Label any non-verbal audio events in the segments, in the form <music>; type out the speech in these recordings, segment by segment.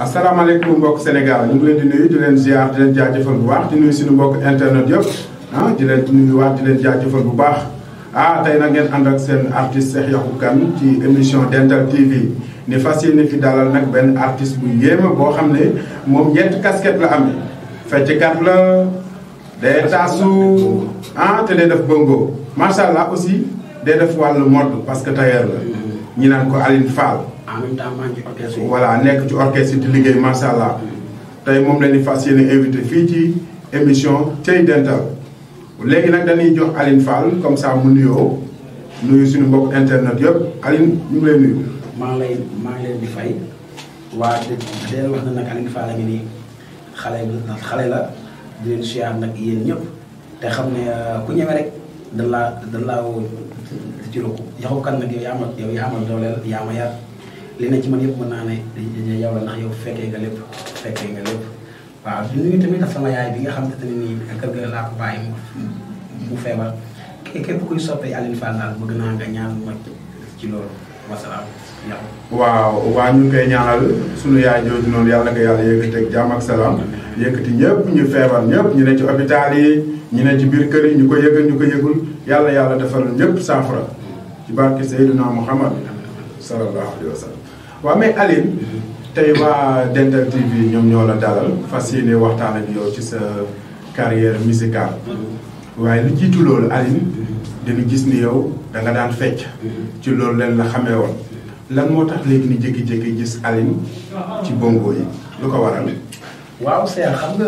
assalamu alaykum mbokk Sénégal ñu ngi leen di nuyu di leen ziar di leen jaajëfal bu baax di nuyu suñu mbokk internet yëpp ah di leen nuyu waat di leen jaajëfal bu baax ah tey nag ngeen ànd ak seen artiste Cheikh Yahou Kane ci émission Dental TV ni fas yéene fi dalal nag benn artiste bu yéeme boo xam ne moom ñetti casquette la amee fecckat la day taasu ah te day def bongo macha allah aussi day def wàllu mode parce que tailleur la ñi naan ko Aline Fall. en même temps ci orchestre yi. voilà nekk ci orchestre di liggéey macha tey moom la ñu fas yéene invité fii ci émission Cey Dental léegi nag dañuy jox Aline Fall comme ça mu nuyoo nuyu suñu mbokk internet yëpp Aline ñu maa ngi lay maa ngi leen di fay waa di leen wax na nag Aline Fall a nii xale xale la di leen siyaar nag yéen ñëpp te xam ne euh, ku ñëwee rek dañ laa dañ laa woo kan nag yow yaa ma yow yaa ma dooleel yaa yar. li ne ci man yëpp mën naa ne yow la ndax yow fekkee nga lépp fekkee nga lépp waaw di nuyu tamit sama yaay bi nga xam te ne nii kër ga laa ko bàyyi mu feebar ci loolu wasalaam waaw waa sunu yaay jooju noonu yàlla nga yàlla yëkkati ak jàmm ak salaam yëkkati ñëpp ñu feebar ñëpp ñu ne ci hôpital yi ñu ne ci biir kër ñu ko yëgal ñu ko yëgul yàlla yàlla defal ñëpp saafara ci barke Seydina Muhammad sallallahu alayhi waa mais Aline tey waa Dentale TV ñoom ñoo la dalal fas yéene waxtaan ak yow ci sa carrière musicale waaye lu jiitu loolu Aline dañu gis ni yow da nga daan fecc ci loolu leen la xamee woon lan moo tax léegi ni jékki-jékki gis Aline ci bongo yi lu ko waral. waaw Seydou xam nga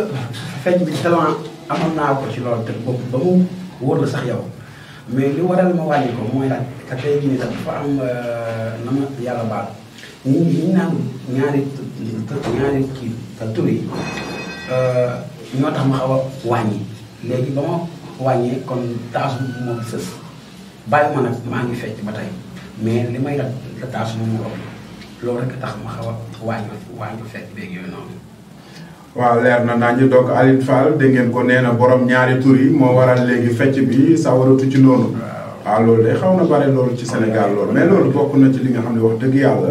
fecc bi talent amoon naa ko ci loolu te bopp ba mu wóor la sax yow mais li waral ma wàññi ko mooy nag ka tey jii dafa am euh, na ma yàlla baal. ñi ñi naan ñaari ñaari kii tur yi euh, ñoo tax ma xaw a wàññi léegi ba ma wàññee kon taasu moom sës bàyyi ma nag maa ngi fecc ba tey mais li may la taasu moom mu ëpp loolu rek tax ma xaw a wàññi wàññi fecc beeg yooyu noonu. waaw leer na nañu donc Alioune Fall dégg ko nee na borom ñaari tur yi moo waral léegi fecc bi sa waratu ci noonu. waaw ah, loolu de xaw na bare loolu ci senegal loolu mais loolu bokk na ci li nga xam ne wax dëgg yàlla.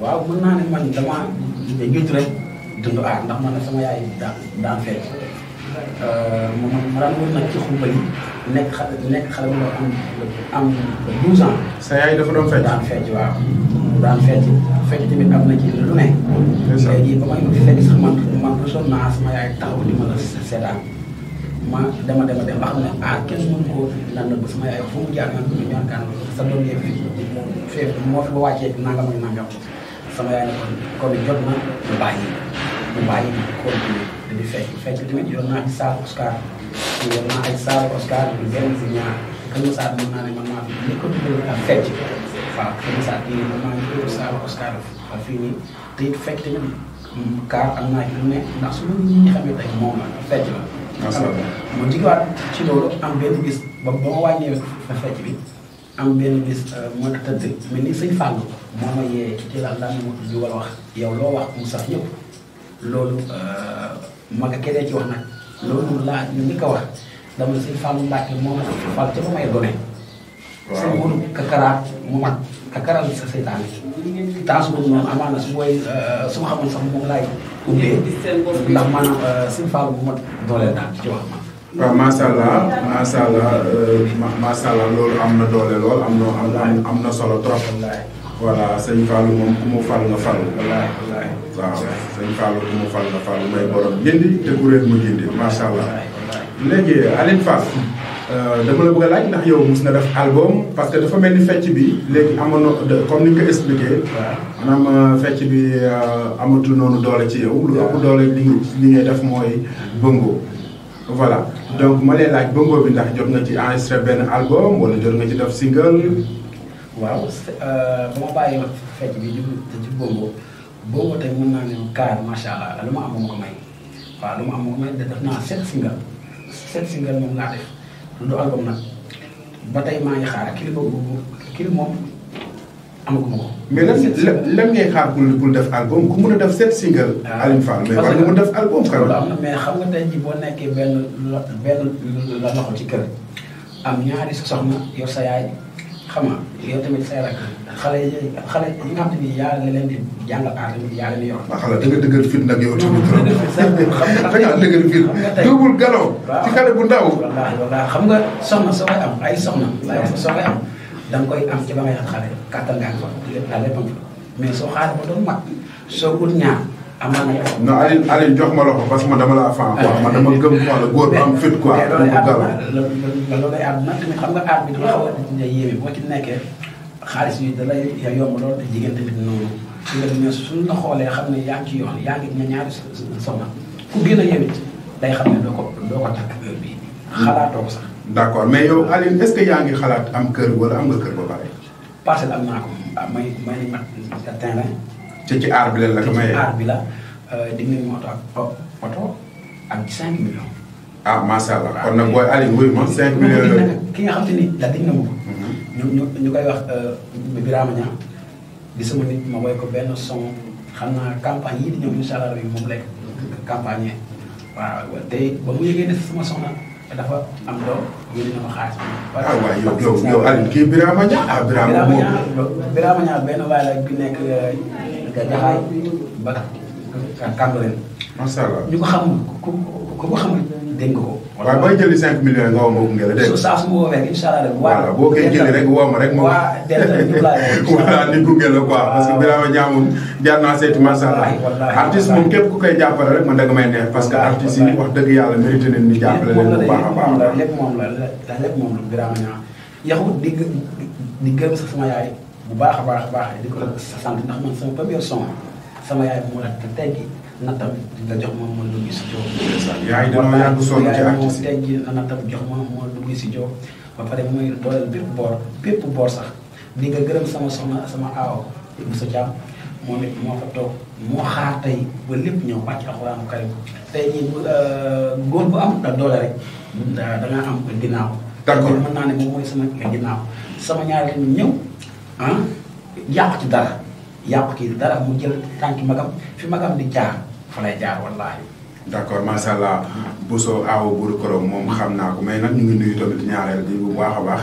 waaw mën naa ne man damaa jot rek dund aar ndax man sama yaay daan daan fekk euh, ma ma daan wër nag ci xumba yi nekk xale nekk xale bu am am 12 am na ci lu ne. c' léegi ba taxaw la ma dama dama dem ba xam ne ah kenn mënu ko lan la ba sama yaay fu mu jaar naan ko ñu ñaan kan sa doom yee fi fee moo fi ba wàccee nangam ak nangam. sama yaay ko bi jot na mu bàyyi mu bàyyi continuer dañu fecc fecc tamit yor naa ci saal Oscar yor naa ay saal Oscar bu benn si ñaar kan ma saat mën naa ne man maa fi li ko tuddee ak fecc waaw kan ma saat nii man maa ngi yor saal Oscar fii nii te it fecc tamit kaar am naa ci ne ndax su ñu ñi xamee tey moom la fecc la. macha allah mu ci loolu am benn bis ba ba ma wàññee fecc bi. am benn bis euh, moo tëdd mel ni sëñ Fallou moo ma yee ci laal daan ma tudd wala wax yow loo wax mu sax ñëpp loolu euh, ma nga keneen ci wax nag loolu laa ñu ni ko wax dama sëñ Fallou Mbacke moo ma sëñ Fallou ca ba mu mag kakaraat sa seytaane taasu boobu noonu amaana euh, daal ci wax ma waaw macha allah macha allah euh, macha loolu am na doole lool am na solo trop. voilà sëñ Fallou moom ku mu fal nga fal. waaw sëñ Fallou ku mu fal nga fal may borom jëndi te kuréel mu jëndi macha allah. léegi Alioune Fall. Euh, dama la bëgg a laaj ndax yow mus na def album parce que dafa mel ni fecc bi léegi amoon na comme ni nga ko expliqué. maanaam euh, fecc bi amatu noonu doole ci yow. lu ëpp doole li nga def mooy bëngo. voilà donc ma lay laaj Bongo bi ndax jot nga ci enregistré benn album wala jot nga ci def single. waaw ba euh, ma bàyyi fecc bi jublu ci Bongo Bongo tey mën naa ne kaar macha allah lu ma am ko may waaw lu ma am moo ko may def naa sept single sept single moom laa def du album nag ba tey maa ngi xaar kii la boobu amaguma ko. mais lan lan ngay xaar pour pour def album ku mun a def sept single. Alioune Fall mais war nga mun def album. loolu am na mais xam nga tey jii boo nekkee benn la benn la loxo ci kër am ñaari soxna yor sa yaay xam nga yow tamit say rak xale yi xale yi nga xam te ni yaa nga leen di jàngal aar tamit yaa leen di yor. waaw xale da nga dëggal fit nag yow tamit. xam nga tey da nga dëggal fit double galon. waaw ci xale bu ndaw. wallaahi wallaahi xam nga soxna soo koy am ay soxna. waaw soo koy am. dang koy am ci ba ngay xale katal nga ak fa lépp daal lépp am mais so xaar ba do mag so ut ñaan am na no ali ali jox ma loxo parce que dama la fa quoi man dama gëm quoi la góor am fit quoi. loolu lay àdduna loolu lay àdduna tamit xam nga arbi bi dama xaw ñay yéeme bo ci nekké xaaliss yi da lay ya yom lool te jigéen tamit ci la ñu suñ la xolé xam ne yaa ci yox yaa ngi ña ñaari soxna ku gëna a day xam ne do ko do ko tak bi xalaato ko sax. d' accord mais yow Alioune est yaa ngi xalaat am kër wala am nga kër ba pare. parcelle am naa ko ah may may nañu mat terrain. ci ci aar bi la euh, di nga ñu ak oto ak 5 millions. ah macha allah ah. kon nag booy Alioune wuyu ma 5 millions ki nga xam te ni daal dañu nangu ko. ñu ñu ñu koy wax euh, Birama Niang di sama nit ma woy ko benn son xam naa campagne yi di ñëw incha allah moom dafa am doom yónni na ma xaalis bi. ah waay yow yow yow Alioune kii Birama Niang ah Birama moom Birama Niang benn waay la bi nekk Jaxaay euh, ba Kàmbereen. macha allah ñu ko xamul ku ko xamul. dénk ko. waaw booy jëli 5 millions nga woo ma gunge la dégg nga. saa su ma woowee rek incha allah dégg nga. boo koy jëli rek woo ma rek ma. waa ni <laughs> gunge la quoi. parce que Birama Ndiaye moom jaar naa seeti macha allah. artiste moom képp ku rek man danga may neex. parce que artiste yi wax dëgg yàlla mérité nañ ñu jàppale leen bu baax a baax. moom la lépp moom la lépp moom la Birama Ndiaye. sama yaay bu baax a baax a baax di ko sant ndax man sama première son sama yaay moo la tey gi nattab dina jox moom mooy lu gis joo yaay dañoo yàgg sonn ci ak moom tey ji na jox moom mooy lu gis joo ba pare sax ni nga sama soxna sama aaw Moussa Thiam moom it moo fa toog moo xaar tey ba lépp ñëw wàcc alxuraanu karim tey ji góor bu am da doole rek da nga am d'accord ne sama eh, eh. hmm. ginnaaw sama ah yàq ci dara yàq ki dara ya, mu jël tànki magam fi magam di jaar fa lay jaar wallahi d'accord macha allah Bousso Awa Buru Korom mom xam naa ko mais nag ñu ngi nuyu tamit ñaareel di bu baax a baax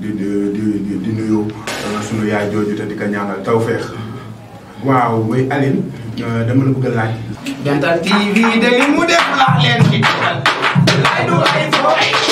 di di di di nuyu euh, sunu yaay jooju te di ko ñaanal tawféex waaw way Aline euh, dama la bëgg a laaj. Dental TV de li mu def laa leen ci lay du ay fo ay